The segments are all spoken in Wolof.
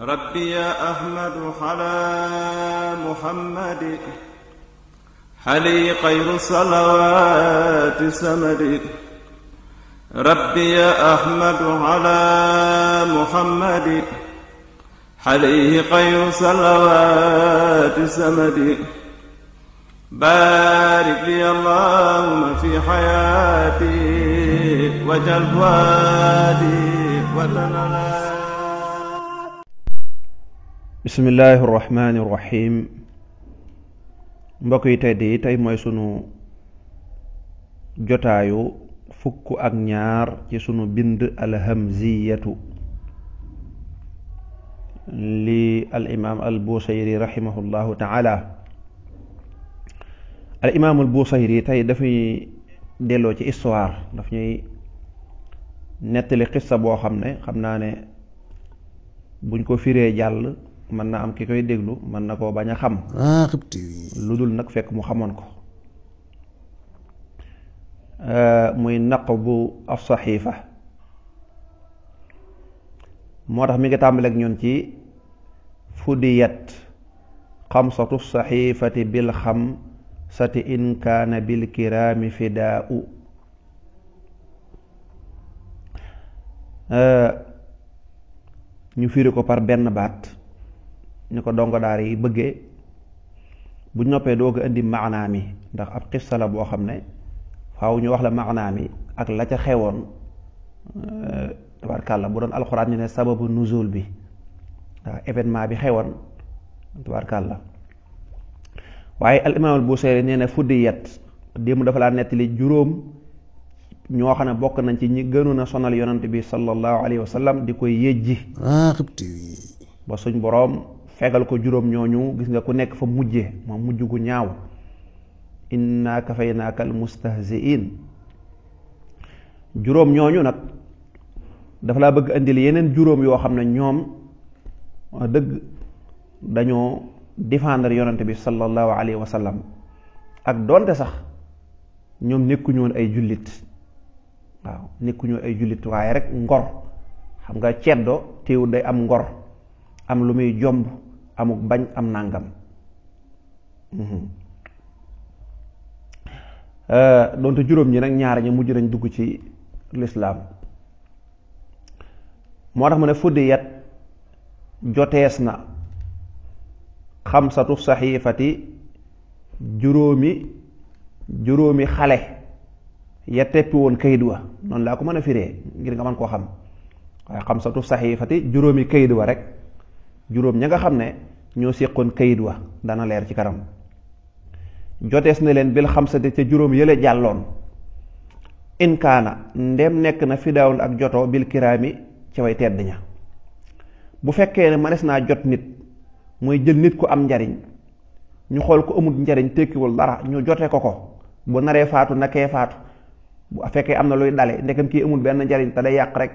ربي يا أحمد على محمد علي خير الصلوات سمد ربي يا أحمد على محمد عليه خير الصلوات سمد بارك لي اللهم في حياتي وجل وادي وتنالي bismillaahi rahmaani rahiim mbokk yi tedd yi tey mooy sunu jotaayu fukk ak ñaar ci sunu bind alhamziyatu li al imaam al busayri rahimahullahu taala al imaam al busayri tey dafay delloo ci histoire daf ñuy nettali xissa boo xam ne xam naa ne buñ ko fiiree jàll mën na am ki koy déglu mën na koo bañ a xam ah, lu dul nag fekk mu xamoon ko euh, muy naq bu af saxiifa moo tax mi ngi tàmbaleeg ñoom ci fudiyat xamsatu saxiifati bil xam sati in kaana bil kiraami fidaa euh, ñu firi ko par benn baat ni ko dongo daara yi bëgge bu noppee doo ko indi maanaa mi ndax ab xissa la boo xam ne faaw ñu wax la maanaa mi ak la ca xewoon euh, tabarkàlla bu doon alxuraan ñu ne sababu nuzul bi waaw événement bi xewoon tabarkàlla waaye al imaam al Buseyri nee na fuddiyat démb dafa laa nettali juróom ñoo xam ne bokk nañ ci ñi gënoon na sonal yonante bi sallallahu alayhi wa di koy yëjji ah, ba suñ boroom fegal ko juróom ñooñu gis nga ku nekk fa mujje moom mujj gu ñaaw inna kafaynaaka al mustahziin juróom ñooñu nag dafa laa bëgg indil yeneen juróom yoo xam ne ñoom dëgg dañoo défendre yonante bi sallallahu alayhi wasalam ak doonte sax ñoom nekkuñu ay jullit waaw nekkuñu ay jullit waaye rek ngor xam nga ceddo teewul day am ngor am lu muy jomb amuk bañ am nangam mhm. euh, doonte juróom ñi nag ñaar ñi mujj nañ dugg ci lislaam moo tax mu ne fuddiyat jotees na xamsatu saxiifati juróomi juróomi xale ya teppi woon kayit wa noonu laa ko mën a firee ngir nga mën koo xam waaye xamsatu saxiifati juróomi kayit wa rek juróom ña nga xam ne ñoo séqoon kayit wa dana leer ci kanam jotees na leen bil xamsate ca juróom yële jàlloon inkaana ndem nekk na fidaawun ak joto bil kiraami ci way tedd ña bu fekkee ne mënees naa jot nit mooy jël nit ku am njariñ ñu xool ko amul njariñ tekkiwul dara ñu jote ko ko bu naree faatu nakee faatu bu fekkee am na luy dale ndekam kii amul benn njariñ te day yàq rek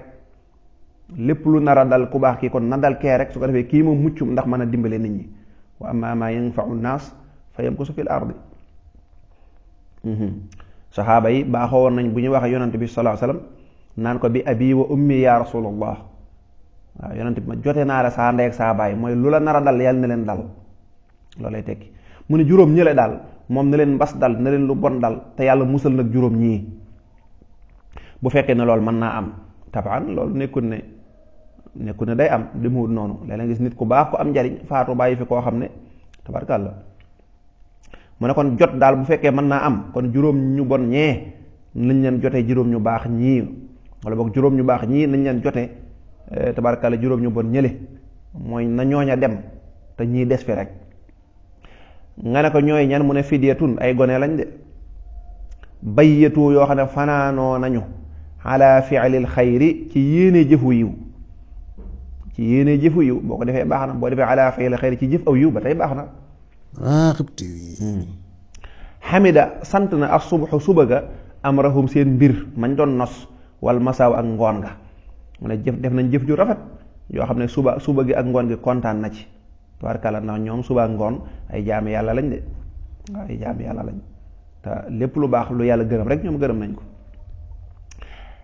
lépp lu nara dal ku baax kii kon na dal rek su ko defee kii moom muccum ndax mën a dimbale nit ñi wa amma ma yanfau naas fa yamkusu fil ardi mhm. saxaaba yi baaxoo woon nañ bu ñu waxee yonante bi salaa sallam naan ko bi abi wa ummi ya bi ma jote naa la saa ndey ak mooy lu la nar a dal yàlla na leen dal lay tekki mu ne juróom ñële daal moom na leen mbas dal na leen lu bon dal te yàlla musal nag juróom ñii bu fekkee ne loolu mën naa am tabaan loolu nekkul ne nekku ne day am demewut noonu léeg-léeg gis nit ku baax ku am njariñ faatu bàyyi fi koo xam ne la mu ne kon jot daal bu fekkee mën naa am kon juróom ñu bon ñee nañ leen jote juróom ñu baax ñii wala boog juróom ñu baax ñii nañ leen jotee eh, tabarkàlla juróom ñu bon ñële mooy na ñooña dem te ñii des fi rek nga ne ko ñooy ñan mu ne fidyatun ay gone lañ de bayyatu yoo xam ne fanaanoo nañu ala fi'lil xayri ci yéene jëfu yiw ci yéenee jëfu yiw boo ko defee baax na boo defee ala fay la ci jëf aw yiw ba tey baax na xamida sant na ak subuxu suba ga am rahum seen mañ doon nos wal masaaw ak ngoon nga mu jëf def nañ jëf ju rafet yoo xam ne suba suba gi ak ngoon gi kontaan na ci tubaarkàlla na ñoom suba ak ngoon ay jaam yàlla lañ de waaw ay jaami yàlla lañ te lépp lu baax lu yàlla gërëm rek ñoom gërëm nañ ko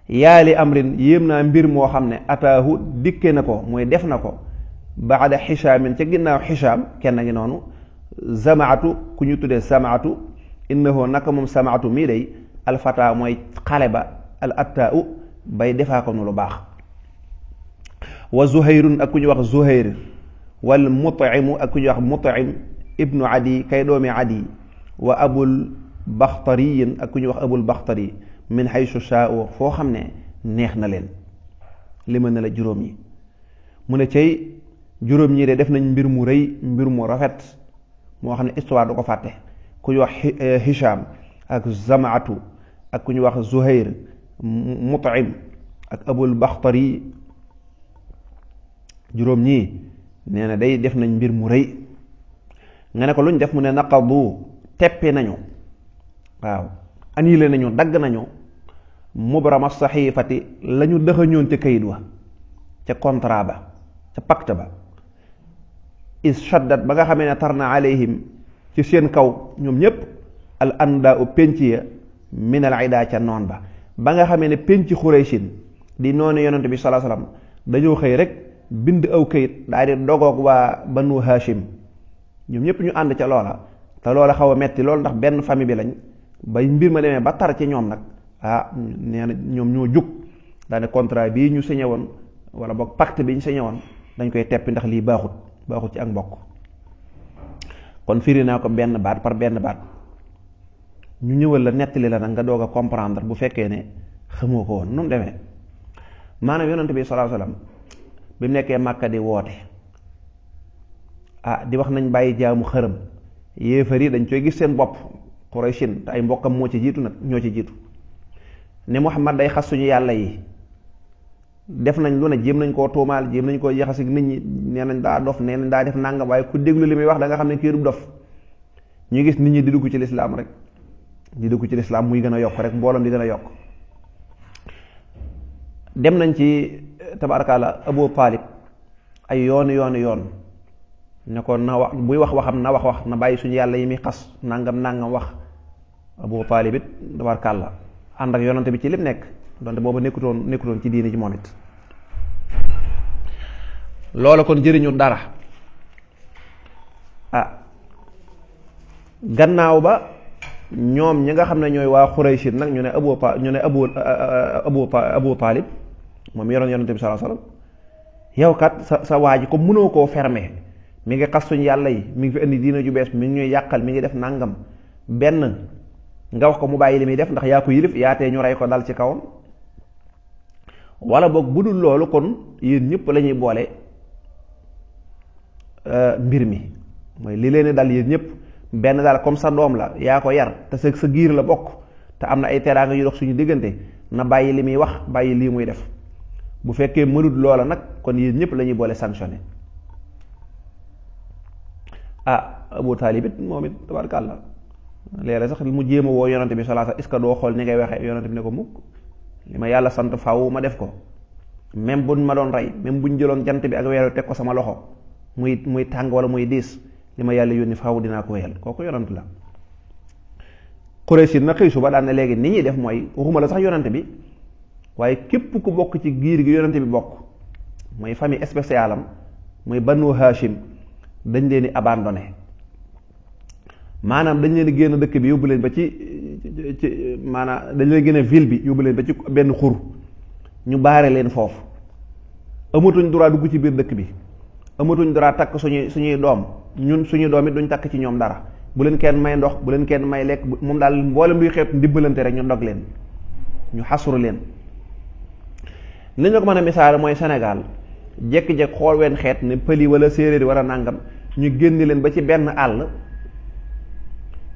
yaali amrin yéem naa mbir moo xam ne ataahu dikke na ko mooy def na ko baada xishaamin ca ginnaaw xishaam kenn ngi noonu samaatu ku ñu tuddee samaatu innahu naka moom samaatu mii day alfata mooy xale ba al attaau bay defaa ko nu lu baax wa zuhayrun ak ku ñu wax zuhayr wal mutcimu ak ku ñu wax mutcim ibnu adi kay doomi adi wa abul baxtariyin ak ku ñu wax abul baxtari min haysu shaa'u foo xam ne neex na leen li limal na la juróom ñi mu ne cey juróom ñi de def nañ mbir mu rëy mbir mu rafet moo xam ne histoire du ko fàtte ku ñu wax Hisham eh, ak Zamaatu ak ku ñu wax Zuhair Mut'im ak Abul Bakhtari juróom ñii nee na day def nañ mbir mu rëy nga ne ko luñ def mu ne naqadu teppi nañu waaw annulé nañu dagg nañu mubrama saxiifati lañu ñu dëxañoon ca kayit wa ca contrat ba ca pacte ba is shaddat ba nga xamee ne tar na alayhim ci seen kaw ñoom ñépp al andaa u pénc ya min al ca noon ba ba nga xamee ne pénc xuraysin di noonu yonent bi salaa salaam dañoo xëy rek bind aw kayit daal di dogoog waa banu hashim ñoom ñépp ñu ànd ca loola te loola xaw a metti loolu ndax benn famille bi lañ bay mbir ma demee ba tar ci ñoom nag ah nee ñoom ñoo jug daane contrat bii ñu signé woon wala boog pacte bi ñu signé woon dañ koy teppi ndax lii baaxut baaxut ci ak mbokk kon firi naa ko benn baat par benn baat ñu ñëwal la nettali la nag nga doog a comprendre bu fekkee ne xamoo ko woon nu demee maanaam yonent bi sallallahu alayhi bi mu nekkee Màkka di woote ah di wax nañ bàyyi jaamu xërëm yéefar yi dañ koy gis seen bopp Qurayshin te ay mbokkam moo ci jiitu nag ñoo ci jiitu ne Muhammad day xas suñu yàlla yi def nañ lu ne jéem nañ koo tuumaal jéem nañ koo jaxasig nit ñi ne nañ daa dof nee nañ daa def nangam waaye ku déglu li muy wax danga xam ne kiirub dof ñu gis nit ñi di dugg ci lislaam rek di dugg ci lislaam muy gën a yokk rek mboolam di gën a yokk dem nañ ci tabarakaala Abu Taalib ay yoon yoon yoon ne ko na wax buy wax waxam na wax wax na bàyyi suñu yàlla yi muy xas nangam nangam wax Abu Taalib it tabarakaala ànd ak yonante bi ci lim nekk donte booba nekkutoon nekkutoon ci diini ji moom it kon jëriñu dara ah gannaaw ba ñoom ñi nga xam ne ñooy waa Xuraysin nag ñu ne Abu ñu ne Abu Abu Taalib moom yoroon yonante bi sallallahu sa sa waa ji comme mënoo ko fermer mi ngi xas suñ yàlla yi mi ngi fi indi diina ju bees mi ngi ñuy yàqal mi ngi def nàngam benn nga wax ko mu bàyyi li muy def ndax yaa ko yilif yaa tee ñu rey ko dal ci kawam wala boog bu dul loolu kon yéen ñëpp lañuy ñuy boole euh, mbir mi mooy li leen dal yéen ñëpp benn daal comme sa doom la yaa ko yar te sa sa giir la bokk te am na ay teraanga yu dox suñu diggante na bàyyi li muy wax bàyyi lii muy def bu fekkee mënut loola nag kon yéen ñëpp lañuy boole sanctionné ah Abu Taalib léeg-léeg sax mu jéem a woo yonante bi salaa est-ce que doo xool ni ngay waxee yonante bi ne ko mukk li ma yàlla sant faw ma def ko même buñ ma doon rey même buñ jëloon jant bi ak weeru teg ko sama loxo muy muy tàng wala muy diis li ma yàlla yónni faaw dinaa ko wéyal kooku yonant la Quraysh na xëy suba daan na léegi ni ñuy def mooy waxuma la sax yonante bi waaye képp ku bokk ci giir gi yonante bi bokk mooy famille spéciale am muy Banu Hashim dañ leen di abandonné maanaam dañu leen génn dëkk bi yóbbu leen ba ci ci maanaam dañ leen génne ville bi yóbbu leen ba ci benn xur ñu baare leen foofu amatuñ droit dugg ci biir dëkk bi amatuñ droit takk suñuy suñuy doom ñun suñu doom it duñ takk ci ñoom dara bu leen kenn may ndox bu leen kenn may lekk moom daal mboolem luy xeet ndimbalante rek ñu dog leen ñu xasuru leen li ko mën a misaal mooy Sénégal jekk-jekk xool wenn xeet ne yi wala séeréer wala nàngam ñu génn leen ba ci benn àll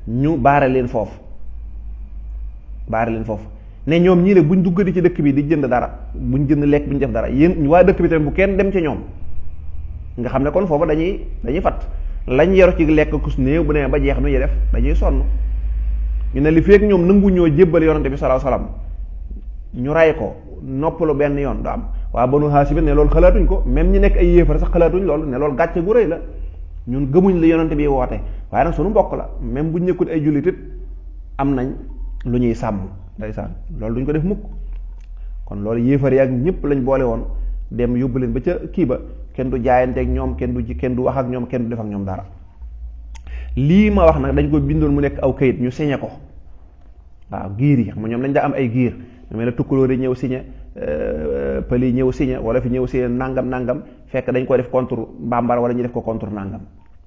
ñu baare leen foofu baare leen foofu ne ñoom ñii ne buñ duggati ci dëkk bi di jënd dara buñ jënd lekk buñ def dara yéen waa dëkk bi tamit bu kenn dem ci ñoom nga xam ne kon foofu dañuy dañuy fat lañ yaru ci lekk kus néew bu nee ba jeex nu ñuy def dañuy sonn ñu ne li feek ñoom nangu ñoo jébbal yonante bi salaaw salaam ñu ray ko noppalu benn yoon du am waa banu haasib ne loolu xalaatuñ ko même ñu nekk ay yéefar sax xalaatuñ loolu ne loolu gàcce gu rëy la ñun gëmuñ li yonent bi woote waaye nag sunu mbokk la même buñ nekkul ay jullit am nañ lu ñuy sàmm ndeysaan loolu duñ ko def mukk kon loolu yéefar yaak ñëpp lañ boole woon dem yóbbu leen ba ca kii ba kenn du jaayante jaayanteeg ñoom kenn du ji kenn du wax ak ñoom kenn du def ak ñoom dara lii ma wax nag dañ ko bindoon mu nekk aw kayit ñu signé ko waaw giir yi xam ñoom dañ daa am ay giir ñu mel ne tukkulóor ñëw signé pël yi ñëw signé wala fi ñëw signé nangam nangam fekk dañ ko def contre bambara wala ñu def ko contre nangam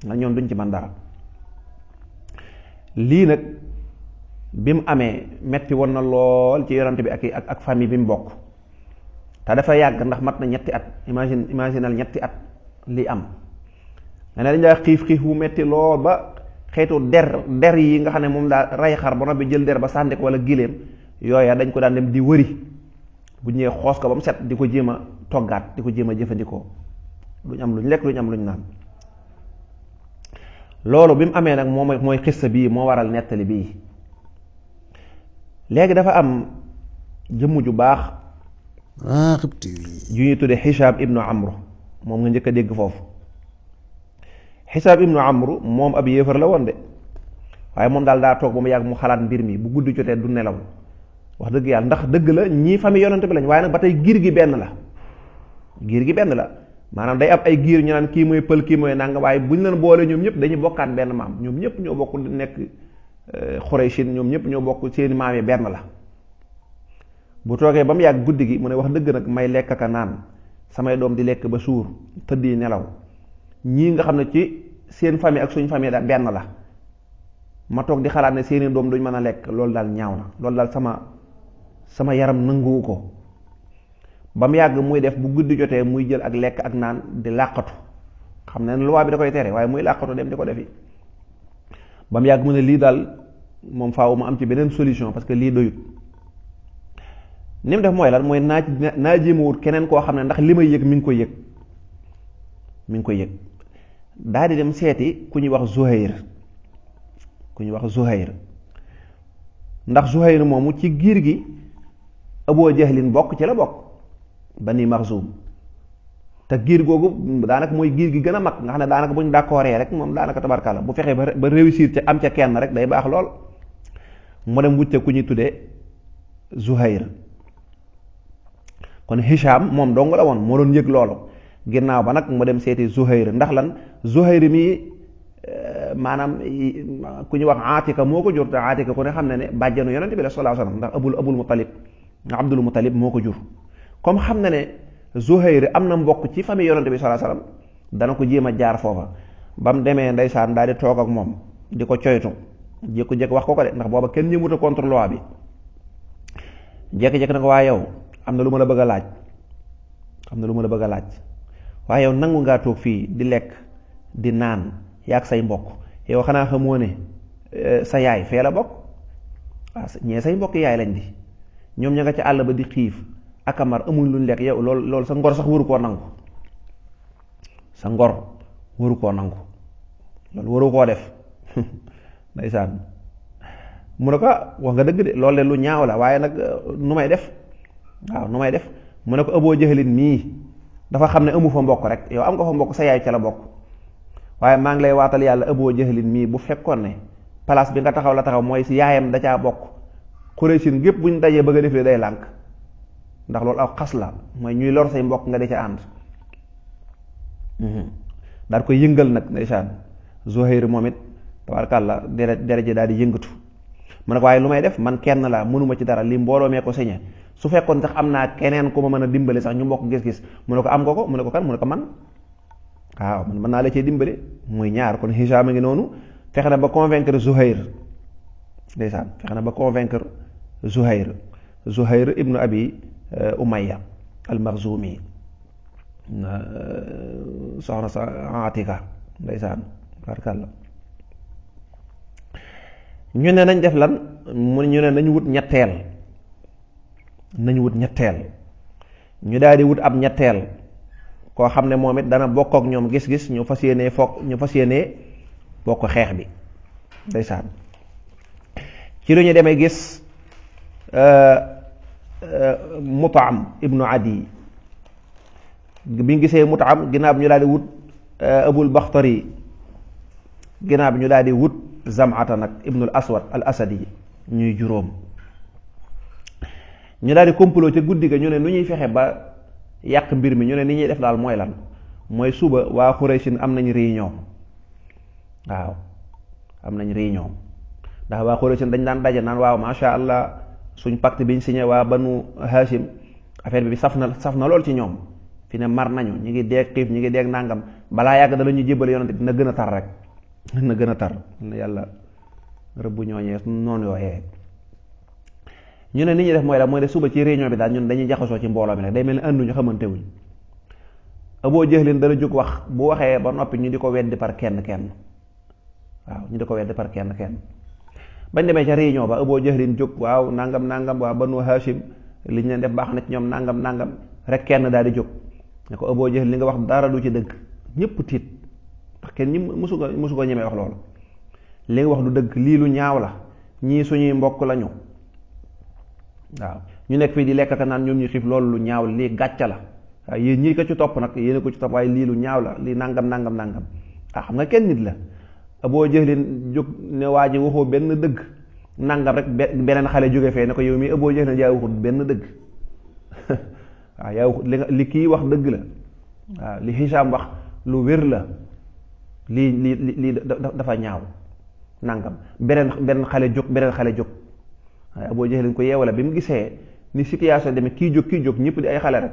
ndax ah, ñoom duñ ci mën dara lii nag bi mu amee metti woon na lool ci yorante bi ak ak ak famille bi mu bokk te dafa yàgg ndax mat na ñetti at imagine imaginal ñetti at lii am nga ne dañ daa xiif xiif wu metti lool ba xeetu der der yi nga xam ne moom daa rey xar ba noppi jël der ba sànni ko wala gileem yooya dañ ko daan dem di wëri bu ñëwee xoos ko ba mu set di ko jéem a toggaat di ko jéem a jëfandikoo ñu am lu ñu lekk duñ am luñ naan loolu bi mu amee nag moom mooy xissa bii moo waral nettali bii léegi dafa am jëmm ju baax ju ñuy tudde Hicham ibnu Amr moom nga njëkk a dégg foofu Hicham ibnu Amr moom ab yéefar la woon de waaye moom daal daa toog ba mu yàgg mu xalaat mbir mi bu guddi jotee du nelaw wax dëgg yàlla ndax dëgg la ñii famille yonante bi lañ waaye nag ba tey giir gi benn la giir gi benn la maanaam day am ay giir ñu naan mooy pël kii mooy nanga waaye bu ñu leen boole ñoom ñëpp dañuy bokkaat benn maam ñoom ñëpp ñoo bokk nekk xoreysin euh, ñoom ñëpp ñoo bokk seeni maam yi benn la bu toogee ba mu yàgg guddi gi mu wax dëgg nag may lekk ak a naan samay doom di lekk ba suur tëdd yi nelaw ñii nga xam ne ci seen famille ak suñ famille da benn la ma toog di xalaat ne seeni doom duñ mën a lekk loolu daal ñaaw na loolu daal sama sama yaram nanguwu ko ba mu yàgg muy def bu guddi jotee muy jël ak lekk ak naan di làqatu xam ne luwaa bi da koy tere waaye muy làqatu dem di ko defi ba mu yàgg mu ne lii daal moom faaw ma am ci beneen solution parce que lii doyut ni mu def mooy lan mooy naaj naa jéem a wut keneen koo xam ne ndax li may yëg mu ngi ko yëg mi ngi ko yëg daal di dem seeti ku ñuy wax Zuhair ku ñuy wax Zuhair ndax Zuhair moomu ci giir gi Abu Jahlin bokk ci la bokk ba Bani Maxsum te giir googu daanaka mooy giir gi gën a mag nga xam ne daanaka bu ñu d'accordee rek moom daanaka tabarkalla bu fexee ba ba réussir ca am ca kenn rek day baax lool mu dem wucce ku ñuy tuddee Zuhayr kon Hisham moom dong la woon moo doon yëg loolu ginnaaw ba nag mu dem seeti Zuhayr ndax lan Zuhayr mi eh, maanaam ku ñu wax Atika moo ko jur te Atika ku ne xam ne ne bàjjanu yonent bi la sallallahu alayhi wasallam ndax abul Abdul Muttalib moo ko jur comme xam na ne Zuhayr am na mbokk ci famille yonante bi sallallahu dana ko jéem a jaar foofa ba mu demee ndeysaan daal toog ak moom di ko coytu jékku-jékku wax ko ndax booba kenn ñëmut a contre loi bi jékki yow am na lu ma la bëgg a laaj am na lu ma la bëgg a laaj waaye nangu ngaa toog fii di lekk di naan yaag say mbokk yow xanaa xamoo ne eh, sa yaay fee la bokk waaw ah, ñee say mbokk yaay lañ di ñoom ña nga ca àll ba di xiif akamar amuñ luñ lekk yow lool loolu sa ngor sax waru koo nangu sa ngor waru koo nangu loolu waru koo def ndeysaan mu ne ko ah, wax nga dëgg de loolu de lu ñaaw la waaye nag uh, nu may def waaw nu may def mu ne ko aboo jëxalin mii dafa xam ne ëmu fa mbokk rek yow am nga fa mbokk sa yaay ca la bokk waaye maa ngi lay waatal yàlla aboo jëxalin mii bu fekkoon ne place bi nga taxaw la taxaw mooy si yaayam da caa bokk xureesin gépp bu ñu dajee bëgg a def day lànk ndax loolu aw xas la mooy ñuy lor say mbokk nga di ca ànd mm-hmm. daal koy yëngal nag ndeysaan Zuhayr moom it tabaarkàlla deret ji daal di yëngatu mu ne waaye lu may def man kenn laa mënuma ci dara li mbooloo mee ko sañe su fekkoon sax am naa keneen ku ma mën a dimbale sax ñu mbokk gis-gis mu ne ko am nga ko mu ne ko kan mu ne ko man waaw man mën naa la cee dimbale muy ñaar kon Hicham a ngi noonu fexe na ba convaincre Zuhayr ndeysaan na ba convaincre Zuhair Zuhair ibnu abi euh, Umayya al-Makhzumi euh, soxna sa Atika ndeysaan barkàlla ñu ne nañ def lan mu ñu ne nañu wut ñetteel nañu wut ñetteel ñu daal wut ab ñetteel koo xam ne moom it dana bokk ñoom gis-gis ñu fas yéenee foog ñu fas yéenee bokk xeex bi ndeysaan ci lu ñu demee gis mutaam ibnu adi bi ñu gisee mutaam ginnaaw bi ñu daal di wut eh, abul baxtari ginnaaw bi ñu daal di wut zamata nag ibnul aswad al asadi ñuy juróom ñu daal di complot guddi ga ñu ne nu ñuy fexe ba yàq mbir mi ñu ne ni ñuy def daal mooy lan mooy suba waa xuraysin am nañ réunion waaw am nañ réunion ndax waa xuraysin dañ daan daje naan waaw masha allah suñ pacte bi ñu signé waa nu Hachim affaire bi saf na saf na lool ci ñoom fi ne mar nañu ñu ngi deeg xiif ñu ngi deeg nàngam balaa yàgg da la ñu jébal yonante dina gën a tar rek na gën a tar yàlla rëbbu ñooñee noonu yooyee ñu ne nit ñi def mooy la mooy ne suba ci réunion bi daal ñun dañuy jaxasoo ci mbooloo mi rek day mel ni ànduñu xamante wuñ aboo jëxlin dana jóg wax bu waxee ba noppi ñu di ko weddi par kenn kenn waaw ñu di ko weddi par kenn kenn bañ demee ca réunion ba Abu Jahlin jóg waaw nangam nangam ba Banu Hashim li ñu leen def baax na ci ñoom nangam nangam rek kenn daal di jóg ne ko Abu Jahl li nga wax dara du ci dëgg ñëpp tiit ndax kenn ñi musu ko musu ko ñemee wax loolu li nga wax du dëgg lii lu ñaaw la ñii suñuy mbokk lañu waaw ñu nekk fii di lekk ka naan ñoom ñu xiif loolu lu ñaaw lii gàcca la waaw ñii ko ci topp nag yéen ko ci topp waaye lii lu ñaaw la lii nangam nangam nangam ah kenn nit la aboo jëlin jóg ne waa ji waxoo benn dëgg nangam rek beneen xale jóge fee ne ko yow mii aboo jëlin yaa waxut benn dëgg waaw yaa waxut li li kii wax dëgg la waaw li Hicham wax lu wér la lii lii lii dafa ñaaw nangam beneen beneen xale jóg beneen xale jóg waaye aboo jëlin ko yeewale bi mu gisee ni situation demee kii jóg kii jóg ñépp di ay xale rek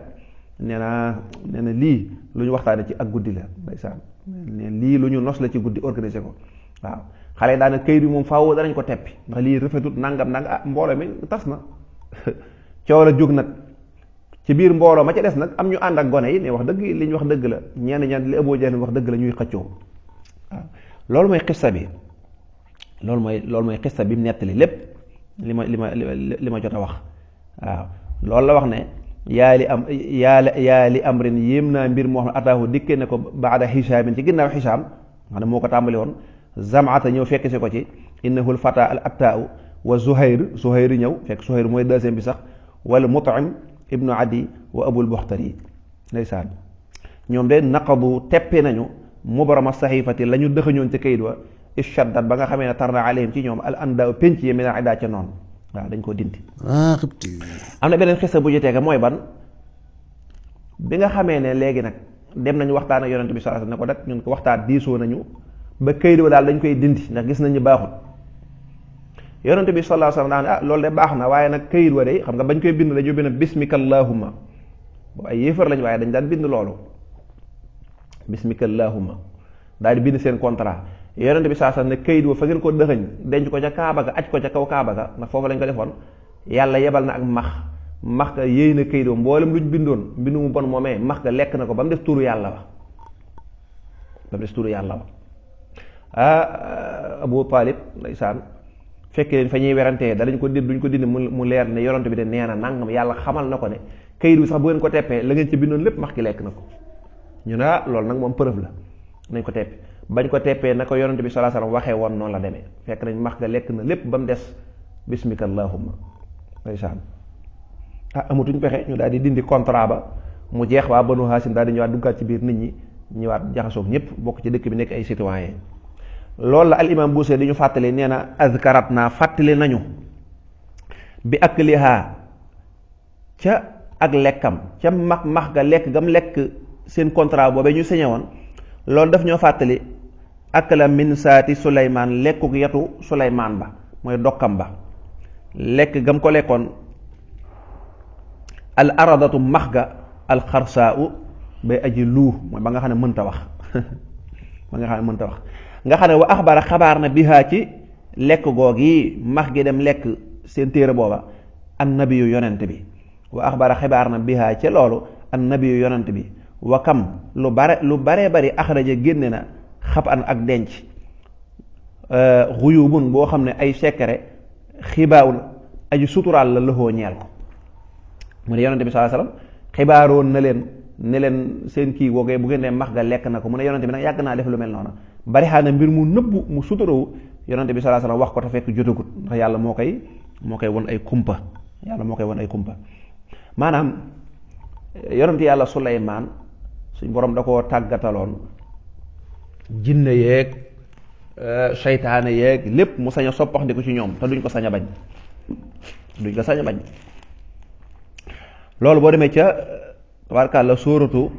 nee naa nee lii lu ñu waxtaane ci ak guddi la ndeysaan neen lii lu ñu nos la ci guddi organisé ko waaw xale daana këyit bi moom faaw danañ ko teppi ndax lii rafetut nangam nang ah mbooloo mi tas na coow la jóg nag ci biir mbooloo ma ci des nag am ñu ànd ak gone yi ne wax dëgg li ñu wax dëgg la ñenn ñenn li ëboo jeen wax dëgg la ñuy xëccoo loolu mooy xissa bi loolu mooy loolu mooy xissa bi mu nettali lépp li ma li ma li ma jot a wax waaw loolu la wax ne yaa li am yaa li am ren yéem naa mbir moo xam ne ataahu dikkee ko ko baada xisaamin ci ginnaaw xisaam xam ne moo ko tàmbali woon zamaata ñëw fekk si ko ci innahul fata al attaahu wa zuhayr zuhayr ñëw fekk zuhayr mooy deuxième bi sax wala mutim ibnu adi wa abul buxtari ndeysaan ñoom de naqadu teppe nañu mubarama saxifati la ñu dëxañoon ca kayit wa ishaddat ba nga xamee ne tar na ci ñoom al andaa pénc yi mi naa idaa ca noonu waaw dañ koo dindi. ah am na beneen xisa bu ñu tege mooy ban bi nga xamee ne léegi nag dem nañu waxtaan ak yonent bi sallallahu alayhi wasallam ne ko nag ñun ko waxtaan diisoo nañu ba këyit wa daal dañ koy dindi ndax gis nañu baaxul yonent bi sallallahu alayhi wasallam ah loolu de baax na waaye nag këyit wa de xam nga bañ koy bind dañu bind bismika allahumma boobu ay yéefar lañ waaye dañ daan bind loolu bismika allahumma daal di bind seen contrat. yonent bi saa sax ne kayit wa fa ngeen ko dëxëñ denc ko ca kaaba ga aj ko ca kaw kaaba ga ndax foofu lañ ko defoon yàlla yebal na ak max max ga yéy na kayit wa mboolem ñu bindoon mbindu mu bon moomee max ga lekk na ko ba mu def turu yàlla wa ba mu def turu yàlla wa ah, ah Abu Talib ndeysaan fekkee leen fa ñuy werantee dalañ ko dindi duñ ko dindi mu leer ne yonent bi de nee na nangam yàlla xamal na ko ne kayit bi sax bu ngeen ko teppee la ngeen ci bindoon lépp max gi lekk na ko ñu ne ah, loolu nag moom preuve la nañ ko teppee bañ ko teppee na ko yonent bi sallallahu alayhi wasallam waxee woon noonu la demee fekk nañ max ga lekk na lépp ba mu des bismika allahumma ndeysaan ah amatuñ pexe ñu daal di dindi contrat ba mu jeex waa banu haasim daal di ñëwaat duggaat ci biir nit ñi ñëwaat jaxasoog ñëpp bokk ci dëkk bi nekk ay citoyen loolu la al imam Buusiri di ñu fàttali nee na azkarat naa fàttali nañu bi ak lihaa ca ak lekkam ca max max ga lekk gam lekk seen contrat boobee ñu sañe woon loolu daf ñoo fàttali akala min saati suleymaan lekkuk yatu suleymaan ba mooy dokkam ba lekk gam ko lekkoon al aradatu max ga al xarsaa u bay aji luu ba nga xam ne mënta wax ba nga xam ne mënta wax nga xam ne wa axbara xabaar na bihaa ci lekk goog yi max gi dem lekk seen téere booba an yu yonent bi wa axbara xibaar na bihaa ci loolu an nabiyu yonent bi wa kam lu bare lu baree bari axraja génne na xab an ak denc euh, xuyubun boo xam ne ay secret xibaawul aju suturaal la lëxoo ñeel ko mu ne yonante bi sallallahu alayhi wasallam xibaaroon na leen ne leen seen kii woogee bu ngeen max ga lekk na ko mu ne yonante bi naa def lu mel noonu bari mbir mu nëbbu mu suturawu yonante bi sallallahu alayhi wasallam wax ko te fekk jotagut ndax yàlla moo koy moo koy won ay kumpa yàlla moo koy won ay kumpa maanaam yonante yàlla Suleymaan suñ borom da koo tàggataloon jinne yeeg euh, seytaane yeeg lépp mu saña a soppax ci ñoom te duñ ko saña a bañ duñ ko sañ bañ loolu boo demee ca tabaarkàlla sóoratu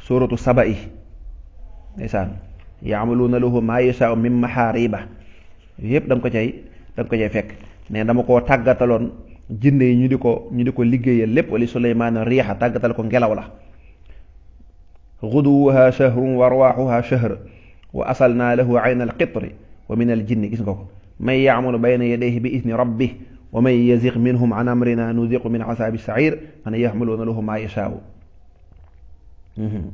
sóoratu saba yi i ndeysaan yaamaluuna lahu maa yashaau min maxaariba yëpp da nga ko cay da ko cay fekk ne dama koo tàggataloon jinne yi ñu di ko ñu di ko liggéeyal lépp wali suleymaan riixa tàggatal ko ngelaw la xuduwuha shahrun wa arwaaxuha shahr wa asalnaa lahu ayna alqitri wa min aljinni gis nga ko man yaamalu bayna yadayhi bi idni rabbih wa man yaziq minhum an amrina nuziqu min asaabi sair man yaxmiluuna lahu maa yashaau mhm.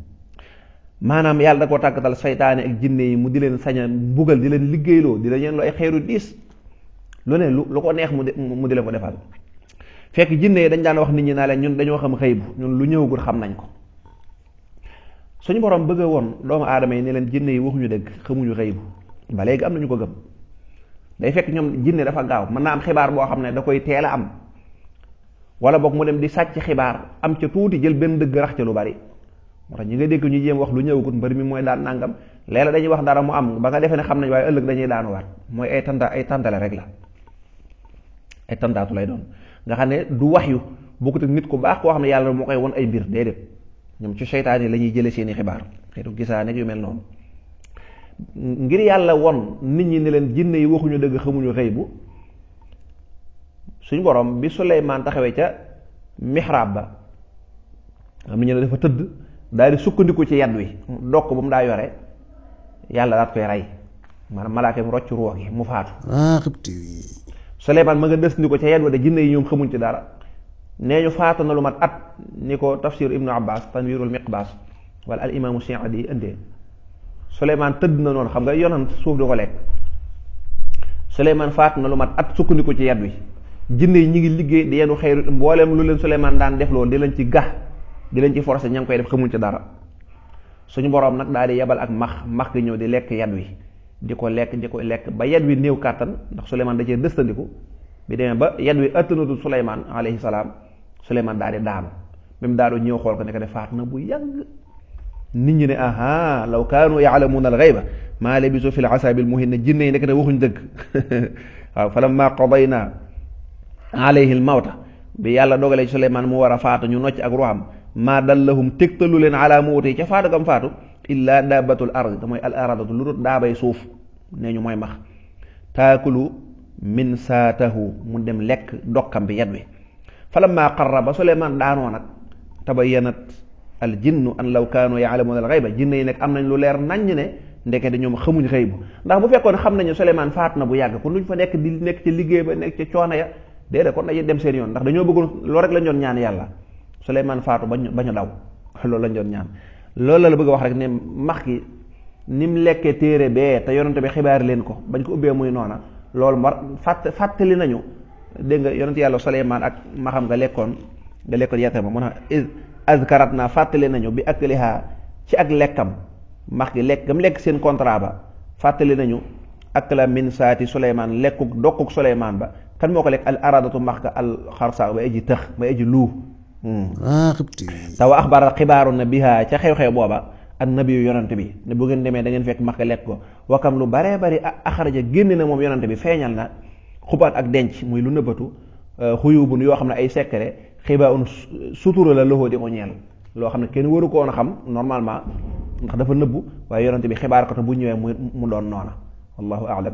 maanaam yàlla da koo tàggatal saytaane ak jinne yi mu di leen saña mbugal di leen liggéeyloo di leen loo ay xeeru diis lu ne lu lu ko neex mu di mu di leen ko defal fekk jinne yi dañ daan wax nit ñi naa leen ñun dañoo xam xëy bu ñun lu ñëwagul xam nañ ko suñu borom bëgg woon doomu aadama yi ni leen jinne yi waxuñu dëgg xamuñu xëy bu ba léegi am nañu ko gëm day fekk ñoom jinne dafa gaaw mën naa am xibaar boo xam ne da koy teel a am wala boog mu dem di sàcc xibaar am ca tuuti jël benn dëgg rax ca lu bari moo tax ñu nga dégg ñu jéem wax lu ñëwagut mbër mi mooy daan nangam léeg dañuy wax dara mu am ba nga defee ne xam nañ waaye ëllëg dañuy daanuwaat mooy ay tanta ay tantale rek la ay tantaatu lay doon nga du wax yu bokkut ak nit ku baax xam ne yàlla moo koy ay mbir déedéet ñoom ci seytaane la ñuy jële seeni xibaar xeetu gisaa nekk yu mel noonu ngir yàlla won nit ñi ne leen jinne yi waxuñu dëgg xamuñu xëy bu suñ borom bi Suleymaan taxawee ca mixraab ba am na ñu ne dafa tëdd daal di sukkandiku ci yad wi dokk bu mu daa yore yàlla daat koy rey maanaam malaaka mu rocc ruux gi mu faatu ah, Suleymaan ma nga dës ko ca yad wa de jinne yi ñoom xamuñ ci dara nee ñu faatu na lu mat at ni ko tafsir ibnu abbas tanwirul miqbas wala al imaamu Shaadi indee Souleymane tëdd na noonu xam nga yonan suuf du ko lekk Souleymane faatu na lu mat at sukkandiku ci yat wi jinne yi ñi ngi liggéey di yenu xeyru mboolem lu leen Souleymane daan def loolu di leen ci gax di leen ci forcé ña ngi koy def xamuñ ci dara suñu boroom nag daal di yebal ak max max gi ñëw di lekk yat wi di ko lekk di ko lekk ba yat wi néew kàttan ndax Souleymane da cee dëstandiku bi ba yat wi ëttanatul Souleymane alayhi salaam Souleymane daal di daanu bi mu daanu ñëw xool ko ne ko faatu na bu yàgg nit ñi ne aha law kaanu yaalamuuna alxayba maa labisu fi lasaabil muhin ne jinne yi nekk ne waxuñ dëgg waaw falamma qadayna alayhi almawta bi yàlla dogalee Souleymane mu war a faatu ñu nocc ak ruuxam maa dallahum tegtalu leen ala mawti ca faatu gam faatu illaa daabatul ard te mooy al aradatu lu dul daabay suuf nee ñu mooy max taakulu min saatahu mu dem lekk dokkam bi yet wi falamma qarraba Suleymaan daanoo nag tabayyanat al jinnu an law kaanu la al ba jinne yi nag am nañ lu leer naññ ne ndeke di ñoom xamuñ bu ndax bu fekkoon xam nañu Suleymaan faat na bu yàgg kon ñu fa nekk di nekk ci liggéey ba nekk ci coono ya déedéet kon dañuy dem seen yoon ndax dañoo bëggoon loolu rek lañ doon ñaan yàlla Suleymaan faatu bañu bañu daw loolu lañ doon ñaan loolu la la bëgg wax rek ne max gi ni mu lekkee téere bee te yonante bi xibaar leen ko bañ ko ubbee muy noona loolu war fàtt fàttali nañu dégg nga yonent yàlla Suleymaan ak ma xam nga lekkoon nga lekkoon yatama mu na iz azkarat naa fàttali nañu bi ak liha ci ak lekkam max gi lekk gam lekk seen contrat ba fàttali nañu ak la min saati Suleymaan lekkuk dokkuk Suleymaan ba kan moo ko lekk al aradatu max ka al xarsa ba eji tëx ba eji luu hmm. ah, te wa axbara xibaaru na biha ca xew-xew booba ak nabiyu yonante bi ne bu ngeen demee da ngeen fekk max ka lekk ko wakam lu baree bari axaraja génn na moom yonante bi feeñal na xubaan ak denc muy lu nëbbatu euh, xuyubun yoo xam ne ay secret xibaar un sutura la loxoo di ko loo xam ne kenn waru ko woon a xam normalement ndax dafa nëbbu waaye yonante bi xibaar ko te bu ñëwee mu mu doon noona wallahu a'lam